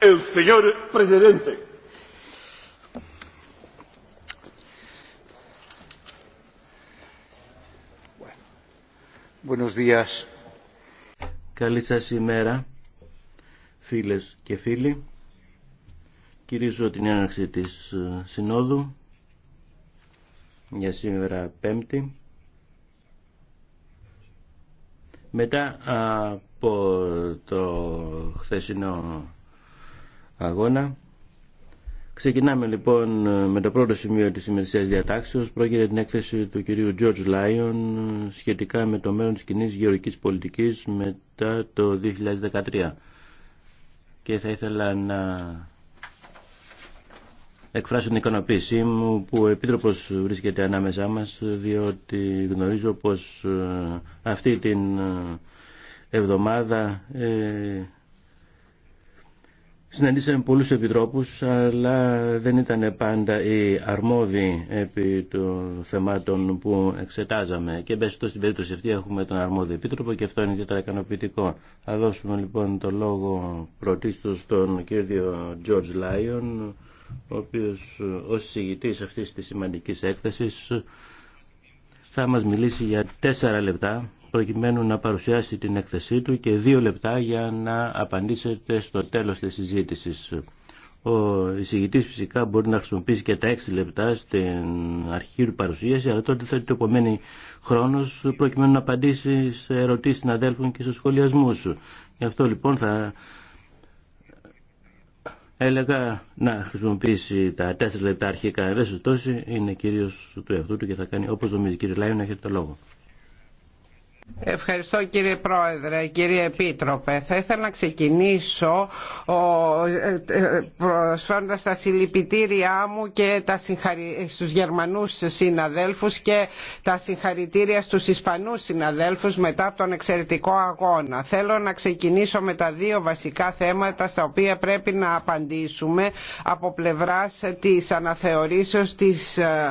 El señor presidente. Καλή σα ημέρα, φίλε και φίλοι. Κυρίζω την έναρξη τη ε, Συνόδου για σήμερα Πέμπτη. Μετά από το χθεσινό αγώνα. Ξεκινάμε λοιπόν με το πρώτο σημείο της ημερησίας διατάξεως. Πρόκειται την έκθεση του κυρίου George Lyon σχετικά με το μέλλον της κοινή γεωργικής πολιτικής μετά το 2013. Και θα ήθελα να εκφράσω την ικανοποίησή μου που ο Επίτροπος βρίσκεται ανάμεσά μας διότι γνωρίζω πως ε, αυτή την ε, εβδομάδα ε, Συναντήσαμε πολλούς επιτρόπους, αλλά δεν ήταν πάντα οι αρμόδιοι επί των θεμάτων που εξετάζαμε. Και στο στην περίπτωση αυτή έχουμε τον αρμόδιο επίτροπο και αυτό είναι ιδιαίτερα ικανοποιητικό. Θα δώσουμε λοιπόν το λόγο πρωτίστως στον κύριο George Lyon, ο οποίος ως συγητής αυτής της σημαντικής έκθεσης θα μας μιλήσει για τέσσερα λεπτά προκειμένου να παρουσιάσει την έκθεσή του και δύο λεπτά για να απαντήσετε στο τέλος της συζήτησης. Ο εισηγητής φυσικά μπορεί να χρησιμοποιήσει και τα έξι λεπτά στην αρχή του παρουσίαση, αλλά τότε θα το επομένει χρόνος προκειμένου να απαντήσει σε ερωτήσεις συναδέλφων και στους σχολιασμούς σου. Γι' αυτό λοιπόν θα έλεγα να χρησιμοποιήσει τα τέσσερα λεπτά αρχικά. Εν είναι κυρίως του εαυτού του και θα κάνει όπως νομίζει. Κύριε Λάιον, έχετε το λόγο. Ευχαριστώ κύριε Πρόεδρε, κύριε Επίτροπε. Θα ήθελα να ξεκινήσω ε, ε, προσφέροντας τα συλληπιτήριά μου και τα συγχαρη... στους Γερμανούς συναδέλφους και τα συγχαρητήρια στους Ισπανούς συναδέλφους μετά από τον εξαιρετικό αγώνα. Θέλω να ξεκινήσω με τα δύο βασικά θέματα στα οποία πρέπει να απαντήσουμε από πλευράς της αναθεωρήσεως της ε,